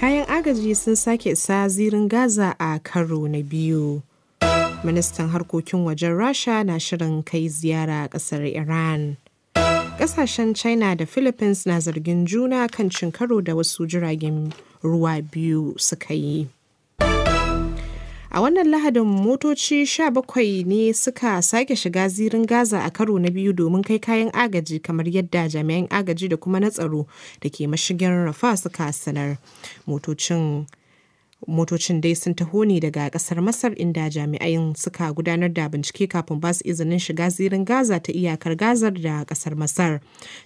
Kayan agaji sun sake isa zirin Gaza a karo na biyu. Ministan harkokin wajen Rasha na shirin kai ziyara ƙasar Iran. Kasashen China da Philippines na zargin juna kan cin karo da wasu jiragen ruwa biyu suka yi. A wannan Lahadin motoci 17 ne suka sake shiga zirin Gaza a karo na biyu domin kai kayan agaji kamar yadda jami'an agaji da kuma na tsaro da ke mashigin Rafa suka sanar. Motocin motocin dai sun taho ne daga kasar masar inda jami'ai suka gudanar da bincike kafin ba su izinin shiga zirin gaza ta iyakar gazar da kasar masar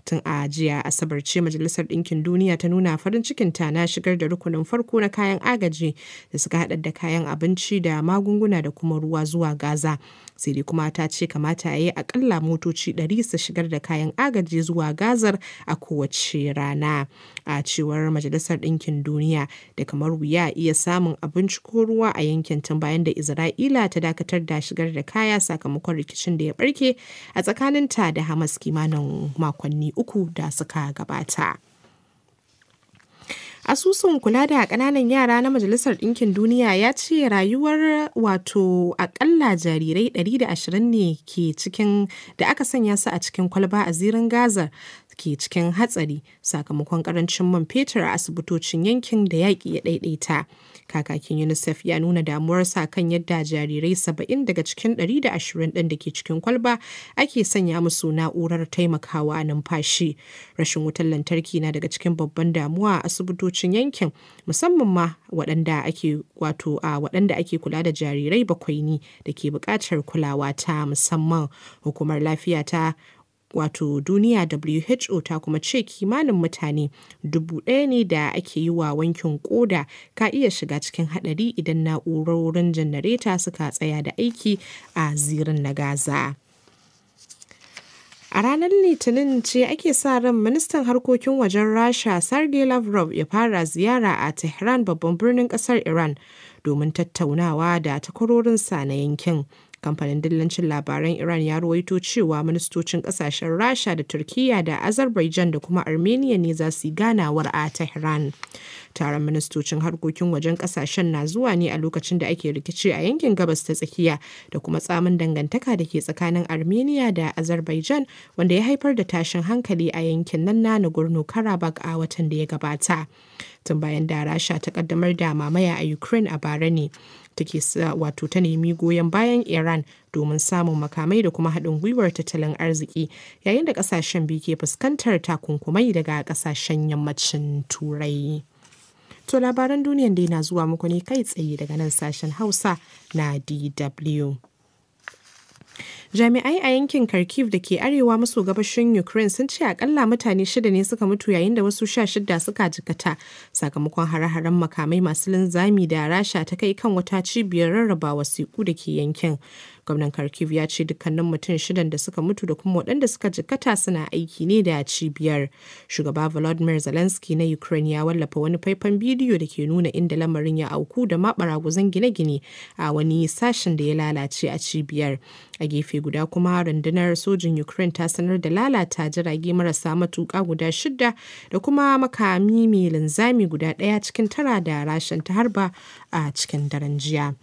tun a jiya asabar ce majalisar ɗinkin duniya ta nuna farin cikin ta na shigar da rukunin farko na kayan agaji da suka haɗa da kayan abinci da magunguna da kuma ruwa zuwa gaza sai dai kuma ta ce kamata a yi akalla motoci ɗari su shigar da kayan agaji zuwa gazar a kowace rana a cewar majalisar ɗinkin duniya da kamar wuya iya samun abinci ko ruwa a yankin tun bayan da Isra'ila ta dakatar da shigar da kaya sakamakon rikicin da ya barke a tsakaninta da Hamas kimanin makonni uku da suka gabata. asusun kula da kananan yara na majalisar ɗinkin duniya ya ce rayuwar wato akalla jarirai 120 ne ke cikin da aka sanya su a cikin kwalba a zirin gaza ke cikin hatsari sakamakon karancin man fetur a asibitocin yankin da yaƙi ya ɗaiɗaita. Kakakin UNICEF ya nuna damuwarsa kan yadda jarirai saba'in daga cikin 120 ɗin da ke cikin kwalba ake sanya musu na'urar taimakawa numfashi. Rashin wutar lantarki na daga cikin babban damuwa a asibitocin yankin musamman ma waɗanda ake wato a waɗanda ake kula da jarirai bakwai ne da ke buƙatar kulawa ta musamman. Hukumar lafiya ta wato duniya WHO ta kuma ce kimanin mutane dubu ɗaya ne da ake yi wa wankin koda ka iya shiga cikin haɗari idan na'urorin janareta suka tsaya da aiki a zirin na Gaza. A ranar Litinin ce ake sa ran ministan harkokin wajen Rasha Sergei Lavrov ya fara ziyara a Tehran babban birnin kasar Iran domin tattaunawa da takwarorinsa na yankin. Kamfanin dillancin labaran Iran ya ruwaito cewa ministocin kasashen Rasha da Turkiyya da Azerbaijan da kuma Armenia ne za su yi ganawar a Tehran. Taron ministocin harkokin wajen kasashen na zuwa ne a lokacin da ake rikici a yankin gabas ta tsakiya da kuma tsamin dangantaka da ke tsakanin Armenia da Azerbaijan wanda ya haifar da tashin hankali a yankin nan na Nagorno-Karabakh a watan da ya gabata. Tun bayan da Rasha ta kaddamar da mamaya a Ukraine a bara ne. take wato ta nemi goyon bayan Iran domin samun makamai da kuma haɗin gwiwar tattalin arziki yayin da ƙasashen biyu ke fuskantar takunkumai daga ƙasashen yammacin Turai. To labaran duniyan dai na zuwa muku ne kai tsaye daga nan sashen Hausa na DW. Jami'ai a yankin Kharkiv da ke arewa maso gabashin Ukraine sun ce akalla mutane shida ne suka mutu yayin da wasu sha shida suka jikata sakamakon hare-haren makamai masu linzami da rasha ta kai kan wata cibiyar rarraba wasiƙu da ke yankin. Gwamnan Kharkiv ya ce dukkanin mutum shida da suka mutu da kuma waɗanda suka jikata suna aiki ne da cibiyar. Shugaba Volodymyr Zelensky na Ukraine ya wallafa wani faifan bidiyo da ke nuna inda lamarin ya auku da mabara guzan gine-gine a wani sashen da ya lalace a cibiyar. A gefe guda kuma rundunar sojin Ukraine ta sanar da lalata jirage marasa matuƙa guda shida da kuma makami mai linzami guda ɗaya cikin tara da rashin ta harba a cikin daren jiya.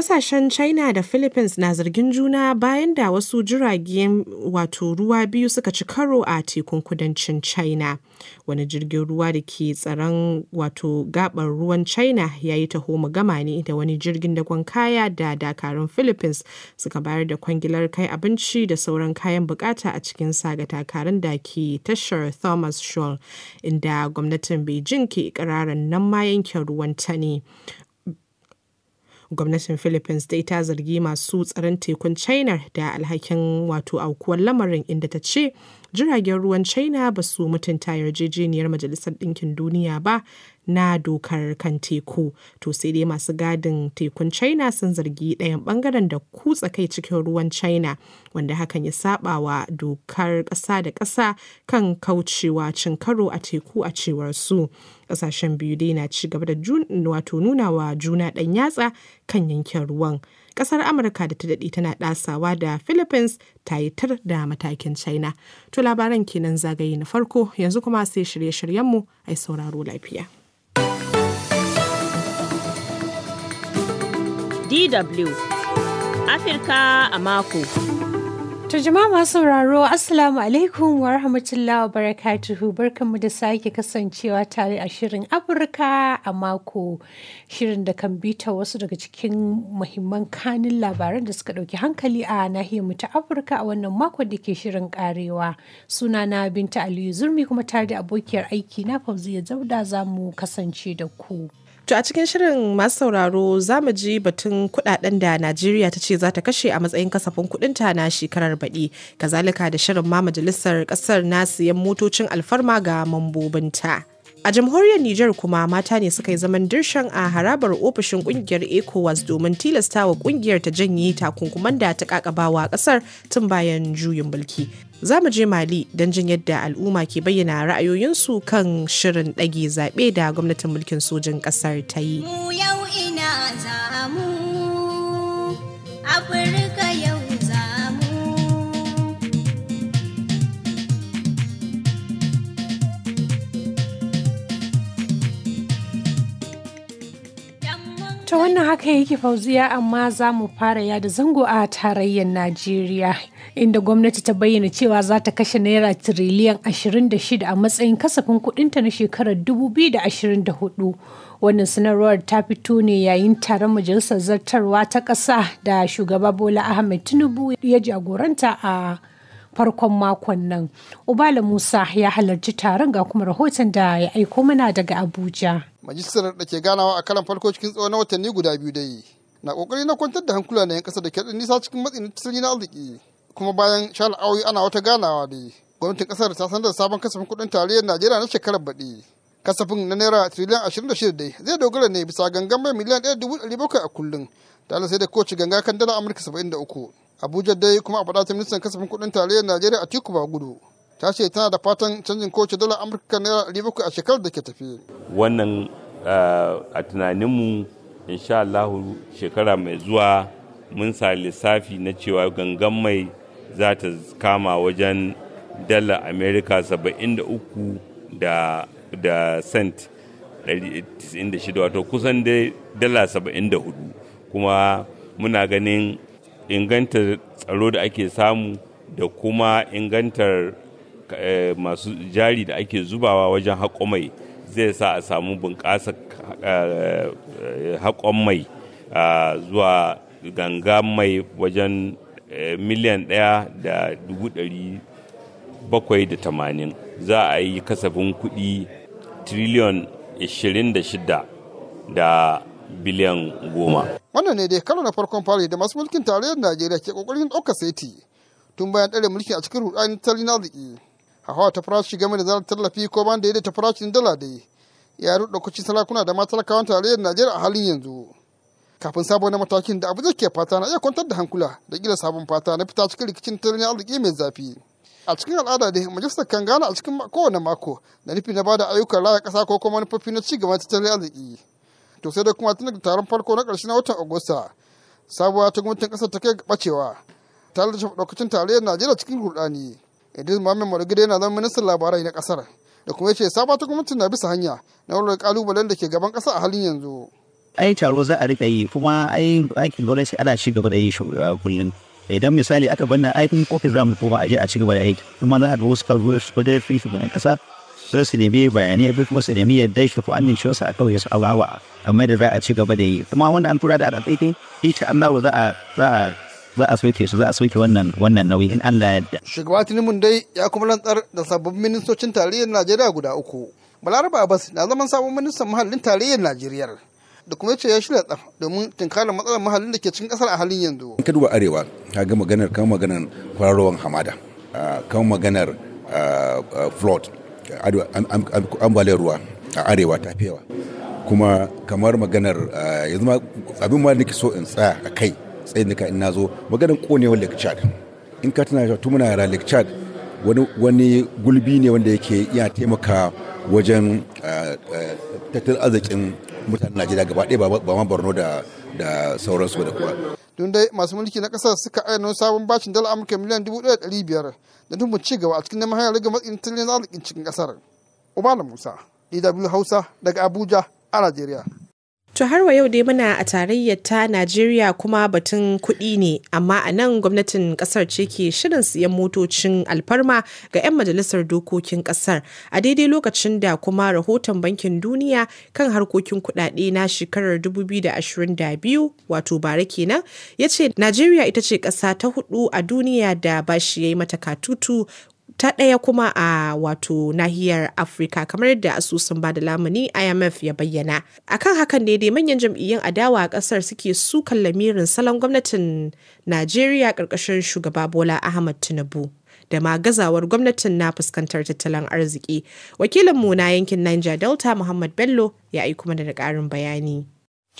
kasashen China da Philippines na zargin juna bayan da wasu jiragen wato ruwa biyu suka ci karo a tekun kudancin China. Wani jirgin ruwa da ke tsaron wato gabar ruwan China ya yi taho gama ne da wani jirgin dagon kaya da dakarun Philippines suka bayar da kwangilar kai abinci da sauran kayan bukata a cikin sa ga dakarun da ke tashar Thomas shaw inda gwamnatin Beijing ke ikirarin nan ma yankin ruwan ta ne. gwamnatin philippines dai ta zargi masu tsaron tekun china da alhakin wato aukuwar lamarin inda ta ce jiragen ruwan China ba su mutunta yarjejeniyar Majalisar Ɗinkin Duniya ba na dokar kan teku. To sai dai masu gadin tekun China sun zargi ɗayan ɓangaren da kutsa kai cikin ruwan China wanda hakan ya saba wa dokar ƙasa da ƙasa kan kaucewa cin karo a teku a cewar su. Ƙasashen biyu dai na ci gaba da wato nuna wa juna ɗan yatsa kan yankin ruwan. kasar Amurka da ta daɗe tana ɗasawa da Philippines ta yi tar da matakin China. To labaran kenan zagaye na farko yanzu kuma sai shirye-shiryenmu ai sauraro lafiya. DW Afirka a mako. To jima masu sauraro Assalamu alaikum wa rahmatullahi wa barakatuhu barkanmu da sake kasancewa tare a shirin Afirka a mako shirin da kan bita wasu daga cikin muhimman kanin labaran da suka dauki hankali a nahiyar mu ta Afirka a wannan makon da ke shirin karewa. Suna na Binta Aliyu Zurmi kuma tare da abokiyar aiki na Fauziya Zauda za mu kasance da ku. To a cikin shirin masu sauraro za mu ji batun kudaden da Najeriya ta ce za ta kashe a matsayin kasafin kudinta na shekarar baɗi, kazalika da shirin ma majalisar ƙasar na siyan motocin alfarma ga mambobinta. A jamhuriyar Nijar kuma mata ne suka yi zaman dirshan a harabar ofishin kungiyar ECOWAS domin tilasta wa kungiyar ta janye takunkuman da ta kakabawa ƙasar tun bayan juyin mulki. Za mu je Mali don jin yadda al'umma ke bayyana ra'ayoyinsu kan shirin ɗage zaɓe da gwamnatin mulkin sojin ƙasar ta yi. Mu yau ina za Afirka. ta wannan haka yake fauziya amma za mu fara yada zango a tarayyar najeriya inda gwamnati ta bayyana cewa za ta kashe naira tiriliyan 26 a matsayin kasafin kudinta na shekarar 2024 wannan sanarwar ta fito ne yayin taron majalisar zartarwa ta ƙasa da shugaba bola ahmed tinubu ya jagoranta a farkon makon nan. Ubala Musa ya halarci taron ga kuma rahoton da ya aiko mana daga Abuja. Majistar da ke ganawa a karan farko cikin tsawon watanni guda biyu dai. Na kokari na kwantar da hankula na yan kasa da ke nisa cikin matsin na arziki. Kuma bayan shala'awi ana wata ganawa dai. Gwamnatin kasar ta sanar da sabon kasafin kuɗin tarayyar Najeriya na shekarar baɗi. Kasafin na naira tiriliyan ashirin da shida dai zai dogara ne bisa gangan mai miliyan ɗaya dubu ɗari bakwai a kullum. Tare sai da kowace ganga kan dala Amurka saba'in da uku. abuja dai kuma a faɗa ta ministan kasafin kudin tarayyar najeriya a tiku gudu ta ce tana da fatan canjin kowace dala amurka naira ɗari bakwai a shekarar da ke tafi wannan eh, a tunaninmu insha allahu shekara mai zuwa mun sa lissafi na cewa gangan mai za ta kama wajen dala amerika saba'in da uku da da cent 96 wato kusan dai dala hudu kuma muna ganin ingantar tsaro da ake samu da kuma ingantar eh, masu jari da ake zubawa wajen haƙo mai zai sa a samu bunƙasa eh, haƙon mai zuwa ganga mai wajen eh, miliyan ɗaya da dubu ɗari bakwai da tamanin za a yi kasafin kuɗi triliyon 26 da biliyan goma. wannan ne dai karo na farkon fari da masu mulkin tarayyar najeriya ke kokarin ɗauka saiti tun bayan ɗare mulki a cikin rudanin tattalin arziki hawa ta farashi game da zarar tallafi ko ban da ta farashin dala dai ya ruɗa kucin sarakuna da matalakawan tarayyar najeriya a halin yanzu kafin na matakin da abu ke fata na iya kwantar da hankula da gila sabon fata na fita cikin rikicin tattalin arziki mai zafi a cikin al'ada dai majalisar kan gana a cikin kowane mako da nufi na bada ayyukan raya ƙasa ko kuma manufofi na ci gaban tattalin arziki to sai da kuma tun daga taron farko na ƙarshe na watan agusta sabuwa ta gwamnatin ƙasar ta kai ga bacewa ta lalata ɗaukacin tarayyar najeriya cikin rudani idris muhammed marigida yana zama ministan labarai na ƙasar da kuma ya ce sabuwa ta gwamnatin na bisa hanya na wurin ƙalubalen da ke gaban ƙasa a halin yanzu. ai taro za a riƙa yi kuma ai aikin dole sai ana ci gaba da yi uh, kullum idan misali aka banna aikin kofi zamu koma a je a ci gaba da aiki kuma za a ga wasu kalbuwar su da fi shugaban kasa sai su nemi bayani abin kuma su nemi yadda shi ko amincewarsa a kauye su awawa amma da za a ci gaba da yi kuma wanda an tura da a ɗaiɗai insha Allah za a za a za a soke su za a soke wannan wannan nauyi in Allah yadda. Shugaba dai ya kuma rantsar da sabbin ministocin tarayyar Najeriya guda uku. Balaraba Abbas na zaman sabon ministan muhallin tarayyar Najeriya. da kuma ce ya shirya tsaf domin tunkarar matsalar muhallin da ke cikin kasar a halin yanzu. In ka duba arewa ka ga maganar kan maganar kwararowar hamada kan maganar ah, ah, flood ambaliyar ruwa a arewa ta kuma kamar maganar eh, yanzu ma abin ma nake so in tsaya a kai tsayin nika in nazo maganar konewar lake chad in ka tana tun muna yara lake chad wani gulbi ne wanda yake iya taimaka wajen eh, eh, tattalin arzikin mutanen najeriya gaba ɗaya ba ma borno da sauransu da kuwa don dai masu mulki na kasar suka ayyana sabon bashin dala amurka miliyan dubu ɗaya ɗari biyar da dubin ci gaba a cikin neman hanyar rage matsayin tattalin arzikin cikin kasar ubala musa dw hausa daga abuja a najeriya To har wa yau dai muna a tarayyar ta Najeriya kuma batun kuɗi ne, amma a nan gwamnatin ƙasar ce ke shirin siyan motocin alfarma ga 'yan majalisar dokokin ƙasar a daidai lokacin da kuma rahoton bankin duniya kan harkokin kuɗaɗe na shekarar 2022 wato bara kenan ya ce Najeriya ita ce ƙasa ta hudu a duniya da bashi ya yi mata katutu ta ɗaya kuma a wato nahiyar afirka kamar yadda asusun ba da lamuni imf ya bayyana akan hakan ne dai manyan jam'iyyun adawa a ƙasar suke sukan lamirin salon gwamnatin najeriya ƙarƙashin shugaba bola ahmad tinubu da ma gazawar gwamnatin na fuskantar tattalin arziki wakilinmu na yankin niger delta muhammad bello ya aiko mana da ƙarin bayani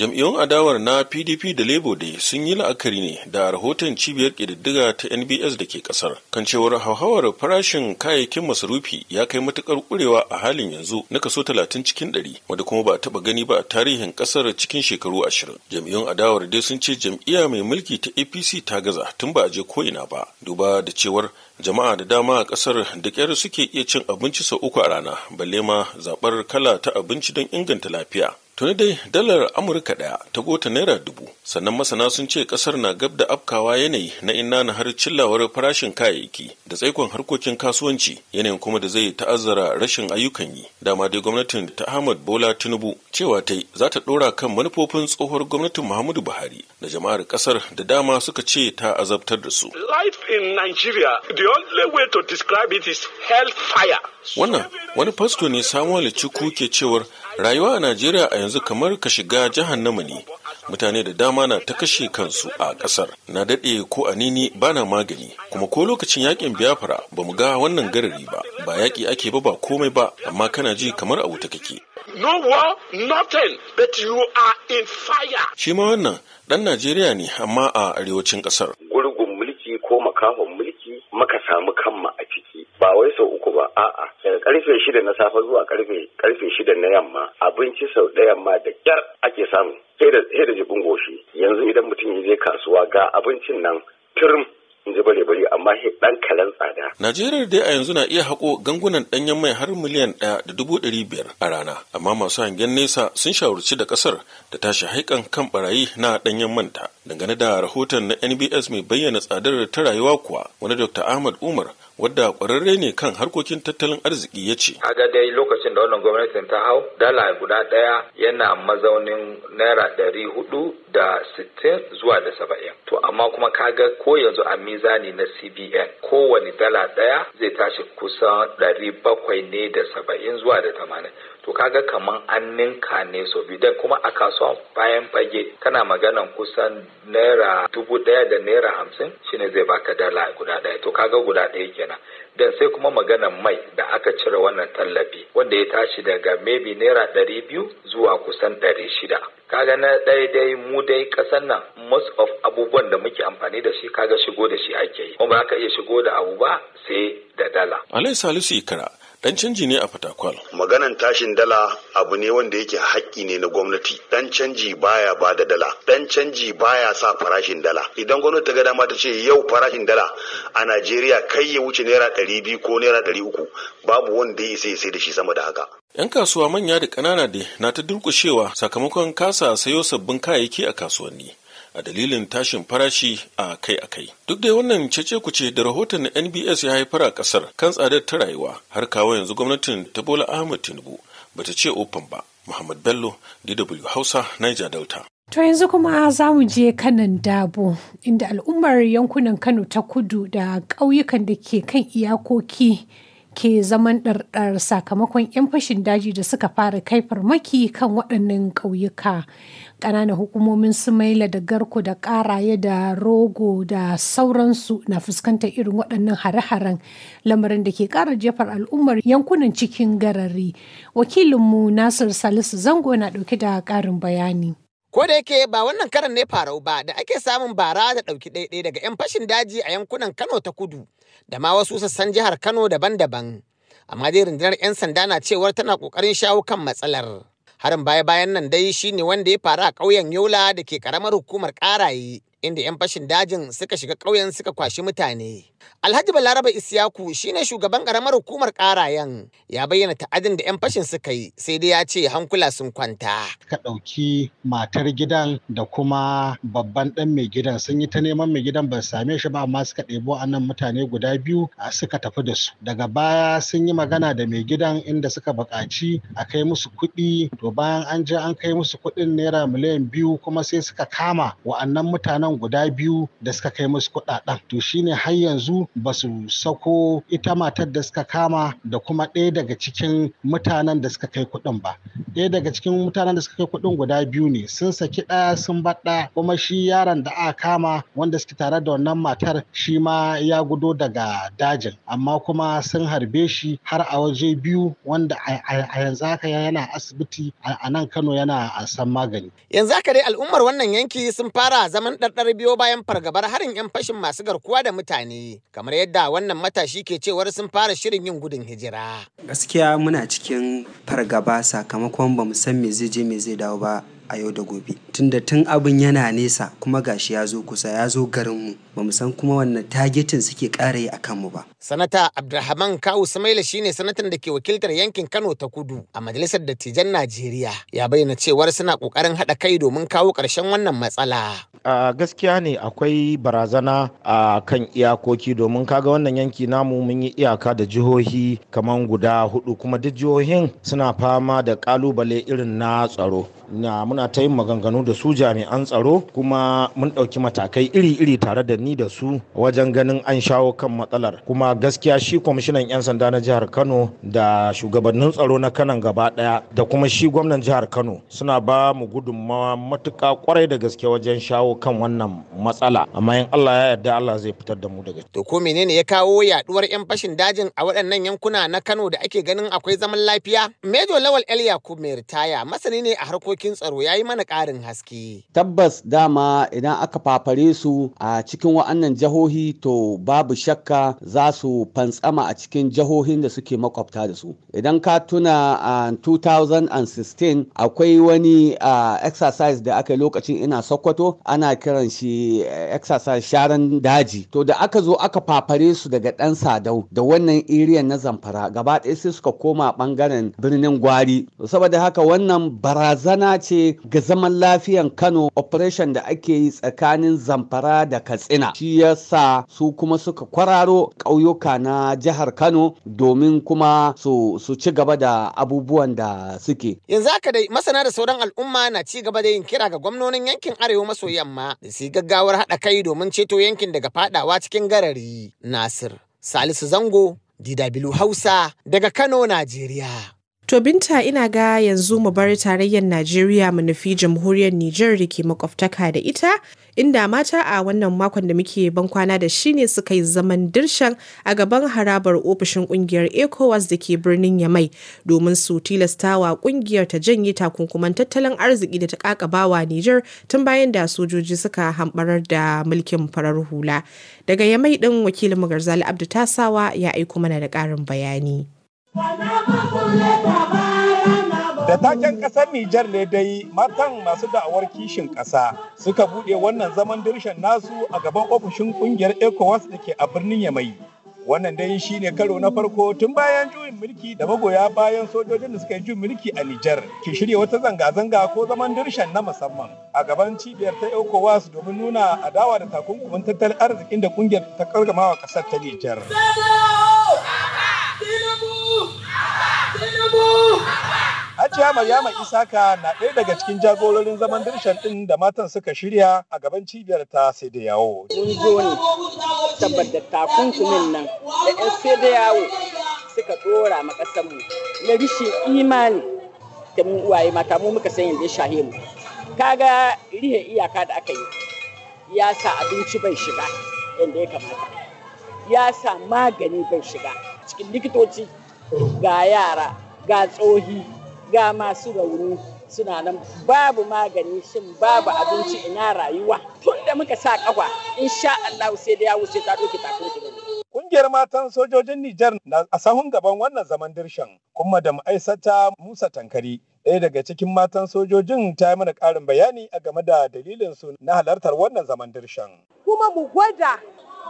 jam'iyyun adawar na pdp da labour dai sun yi la'akari ne da rahoton cibiyar ƙididdiga ta nbs da ke ƙasar kan cewar hauhawar farashin kayayyakin masarufi ya kai matuƙar ƙurewa a halin yanzu na kaso talatin cikin ɗari wanda kuma ba a taɓa gani ba a tarihin ƙasar cikin shekaru ashirin jam'iyyun adawar dai sun ce jam'iyya mai mulki ta apc ta gaza tun ba a je ko'ina ba duba da cewar jama'a da dama a ƙasar da ƙyar suke iya cin abinci sau uku a rana balle ma zaɓar kala ta abinci don inganta lafiya tuni dai dalar amurka daya ta gota naira dubu sannan masana sun ce kasar na gab da afkawa yanayi na inna na har cillawar farashin kayayyaki da tsaikon harkokin kasuwanci yanayin kuma da zai ta'azzara rashin ayyukan yi dama dai gwamnatin ta ahmad bola tinubu cewa ta yi za ta dora kan manufofin tsohuwar gwamnatin muhammadu buhari da jama'ar kasar da dama suka ce ta azabtar da su life in nigeria the only way to describe it is hellfire wannan wani fasto ne samuel ciku ke cewar rayuwa a najeriya a yanzu kamar ka shiga jahannama ne mutane da dama na ta kashe kansu a kasar na daɗe ko a nini na magani kuma ko lokacin yakin biyafara ba mu ga wannan garari ba ba yaƙi ake ba ba komai ba amma kana ji kamar a wuta kake no war nothing but you are in fire shi wannan ɗan najeriya ne amma a arewacin ƙasar gurgun mulki ko makahon mulki maka samu kanma a ciki ba wai sau uku ba a'a daga karfe shida na safe zuwa karfe karfe shida na yamma abinci sau ɗaya yamma da kyar ake samu sai da jibin goshi yanzu idan mutum ya je kasuwa ga abincin nan turm in ji bare bare amma shi dan kalan tsada. Najeriya dai a yanzu na iya haƙo gangunan ɗanyen mai har miliyan ɗaya da dubu ɗari biyar a rana, amma masu hangen nesa sun shawarci da ƙasar da tashi haikan kan barayi na ɗanyen manta. Dangane da rahoton na NBS mai bayyana tsadar ta rayuwa kuwa wani Dr. Ahmad Umar wadda kwararre ne kan harkokin tattalin arziki ya ce. Kaga dai lokacin da wannan gwamnatin ta hau dala guda ɗaya yana mazaunin naira ɗari hudu da sittin zuwa da saba'in. To amma kuma kaga ko yanzu a mizani na CBN kowane dala ɗaya zai tashi kusan ɗari bakwai ne da saba'in zuwa da tamanin. to kaga kaman an ninka ne so biyu dan kuma a kasuwan bayan fage kana maganan kusan naira dubu ɗaya da naira hamsin shine zai baka dala guda ɗaya to kaga guda ɗaya kenan dan sai kuma maganan mai da aka cire wannan tallafi wanda ya tashi daga maybe naira ɗari biyu zuwa kusan ɗari shida kaga na daidai dai mu dai kasan nan most of abubuwan da muke amfani da shi kaga shigo da shi ake yi kuma ba ka iya shigo da abu ba sai da dala. Alai Salisu Ikara dan canji ne a Fatakwal. tashin dala abu ne wanda yake haƙƙi ne na gwamnati dan canji baya ba da dala dan canji baya sa farashin dala idan gwamnati ta ga dama ta ce yau farashin dala a Najeriya kai ya wuce naira ɗari biyu ko naira ɗari uku babu wanda ya isa sai da shi sama da haka 'Yan kasuwa manya da ƙanana dai na ta durƙushewa sakamakon kasa sayo sabbin kayayyaki a kasuwanni. a dalilin tashin farashi a kai a kai duk da wannan cece kuce da rahoton nbs ya haifar a ƙasar kan tsadar ta rayuwa har kawo yanzu gwamnatin ta bola ahmad tinubu bata ce open ba muhammad bello dw hausa niger delta To yanzu kuma za mu je kanan dabo inda al'ummar yankunan Kano ta kudu da ƙauyukan da ke kan iyakoki ke zaman ɗarɗar sakamakon 'yan fashin daji da suka fara kai farmaki kan waɗannan ƙauyuka. ƙananan hukumomin Sumaila da Garko da karaye da Rogo da sauransu na fuskantar irin waɗannan hare-haren lamarin da ke kara jefar al'ummar yankunan cikin garari. Wakilinmu Nasir Salisu Zango na ɗauke da ƙarin bayani. Ko da yake ba wannan karan ne farau ba da ake samun bara da ɗauki ɗaiɗai daga 'yan fashin daji a yankunan Kano ta kudu da ma wasu sassan jihar Kano daban-daban. Amma dai rundunar 'yan sanda na cewar tana kokarin shawo kan matsalar. Harin baya-bayan nan dai shi ne wanda ya faru a ƙauyen Yola da ke ƙaramar hukumar Ƙaraye inda 'yan fashin dajin suka shiga ƙauyen suka kwashi mutane. Alhaji Balaraba Isiyaku ne shugaban ƙaramar hukumar ƙarayen ya bayyana ta'adin da 'yan fashin suka yi sai dai ya ce hankula sun kwanta. Ka ɗauki matar gidan da kuma babban ɗan mai gidan sun yi ta neman mai gidan ban same shi ba amma suka ɗebo annan mutane guda biyu a suka tafi da su. Daga baya sun yi magana da mai gidan inda suka buƙaci a kai musu kuɗi to bayan an je an kai musu kuɗin naira miliyan biyu kuma sai suka kama wa'annan mutanen nan guda biyu da suka kai musu kuɗaɗen to shine har yanzu ba su sako ita matar da suka kama da kuma ɗaya daga cikin mutanen da suka kai kuɗin ba ɗaya daga cikin mutanen da suka kai kuɗin guda biyu ne sun saki ɗaya sun baɗa kuma shi yaron da aka kama wanda suke tare da wannan matar shi ma ya gudo daga dajin amma kuma sun harbe shi har a waje biyu wanda a yanzu haka yana asibiti a nan kano yana a san magani yanzu haka dai al'ummar wannan yanki sun fara zaman ɗarɗar ɗar biyo bayan fargabar harin 'yan fashin masu garkuwa da mutane kamar yadda wannan matashi ke cewar sun fara shirin yin gudun hijira. Gaskiya muna cikin fargaba sakamakon ba mu san me zai je me zai dawo ba a yau da gobe tunda tun abin yana nesa kuma gashi ya zo kusa ya zo garinmu ba mu san kuma wannan tagetin suke ƙara yi a kanmu ba. sanata abdulrahman kawu samaila shine sanatan da ke wakiltar yankin kano ta kudu a majalisar dattijan najeriya ya bayyana cewar suna ƙoƙarin haɗa kai domin kawo ƙarshen wannan matsala. a gaskiya ne akwai barazana a kan iyakoki domin kaga wannan yanki namu mun yi iyaka da jihohi kamar guda hudu kuma duk jihohin suna fama da ƙalubale irin na tsaro na muna ta yin maganganu da su jami'an tsaro kuma mun ɗauki matakai iri-iri tare da ni da su wajen ganin an shawo kan matsalar kuma gaskiya shi kwamishinan 'yan sanda na jihar kano da shugabannin tsaro na kanan gaba ɗaya da kuma shi gwamnan jihar kano suna ba mu gudunmawa matuƙa kwarai da gaske wajen shawo kan wannan matsala amma in allah ya yarda allah zai fitar da mu daga to ko menene ya kawo yaduwar 'yan fashin dajin a waɗannan yankuna na kano da ake ganin akwai zaman lafiya mejo lawal elia ku mai ritaya masani ne a harkokin harkokin tsaro ya yi mana ƙarin haske. Tabbas dama idan aka fafare su a cikin wa'annan jihohi to babu shakka za su fantsama a cikin jihohin da suke makwabta da su. Idan ka tuna a 2016 akwai wani exercise da aka yi lokacin ina Sokoto ana kiran shi eh, exercise sharan daji. To da aka zo aka fafare su daga ɗan sadau da wannan iriyan na zamfara gaba ɗaya sai suka koma ɓangaren birnin gwari. Saboda haka wannan barazana barazana ce ga zaman lafiyan Kano operation da ake yi tsakanin Zamfara da Katsina. Shi ya sa su kuma suka kwararo ƙauyuka na jihar Kano domin kuma su, ci gaba da abubuwan da suke. Yanzu haka dai masana da sauran al'umma na ci gaba da yin kira ga gwamnonin yankin Arewa maso yamma da su gaggawar haɗa kai domin ceto yankin daga fadawa cikin garari. Nasir Salisu Zango, DW Hausa daga Kano, Najeriya. To Binta ina ga yanzu mu bar tarayyar Najeriya mu nufi jamhuriyar Nijar da ke makwabtaka da ita inda mata a wannan makon da muke ban kwana da shi ne suka yi zaman dirshan a gaban harabar ofishin kungiyar ecowas da ke birnin yamai domin su tilastawa kungiyar ta janye takunkuman tattalin arziki da ta kakabawa nijar tun bayan da sojoji suka hambarar da mulkin farar hula daga yamai ɗin wakilin magarzali abdu tasawa ya aiko mana da ƙarin bayani Da taken ƙasar Nijar ne dai matan masu da'awar kishin ƙasa suka buɗe wannan zaman dirshan nasu a gaban ofishin ƙungiyar ECOWAS da ke a birnin Yamai. Wannan dai shi ne karo na farko tun bayan juyin mulki da magoya bayan sojojin da suka yi juyin mulki a Nijar Ki shirya wata zanga-zanga ko zaman dirshan na musamman a gaban cibiyar ta ECOWAS domin nuna adawa da takunkumin tattalin arzikin da ƙungiyar ta ƙargamawa ƙasar ta Nijar. Hajiya Maryama Isaka na ɗaya daga cikin jagororin zaman dirshan ɗin da matan suka shirya a gaban cibiyar ta sai da yawo. Mun zo ne saboda takunkumin nan da 'yan sai da yawo suka ɗora ma ƙasarmu na rishin imani da mu uwaye mata mu muka san yanzu shahe mu. Kaga rihe iyaka da aka yi ya sa abinci bai shiga yadda ya kamata. Ya sa magani bai shiga cikin likitoci ga yara ga tsohi ga masu rauni suna nan babu magani shin babu abinci ina rayuwa tun da muka sa kafa insha Allah sai da ya wuce ta doke takunkumin Kungiyar matan sojojin Nijar na a sahun gaban wannan zaman dirshan kuma da ma'aisata Musa Tankari ɗaya daga cikin matan sojojin ta yi mana ƙarin bayani a game da dalilin su na halartar wannan zaman dirshan. Kuma mu gwada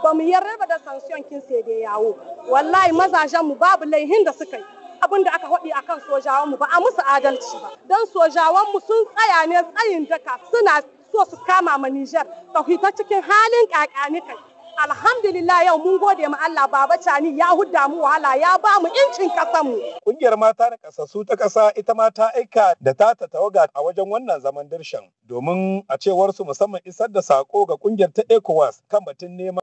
ba mu raba da sanction kin sai dai yawo wallahi mazajen mu babu laihin da suka yi abin da aka haɗi akan sojawan mu ba a musu adalci ba dan sojawan mu sun tsaya ne tsayin daka suna so su kama ma Niger ta fita cikin halin kakani kai alhamdulillah yau mun gode ma Allah baba cani ya hudda mu wahala ya ba mu incin kasan mu kungiyar mata na kasassu ta kasa ita ma ta aika da ta ta tawaga a wajen wannan zaman dirshan domin a cewar su musamman isar da sako ga kungiyar ta ECOWAS kan batun neman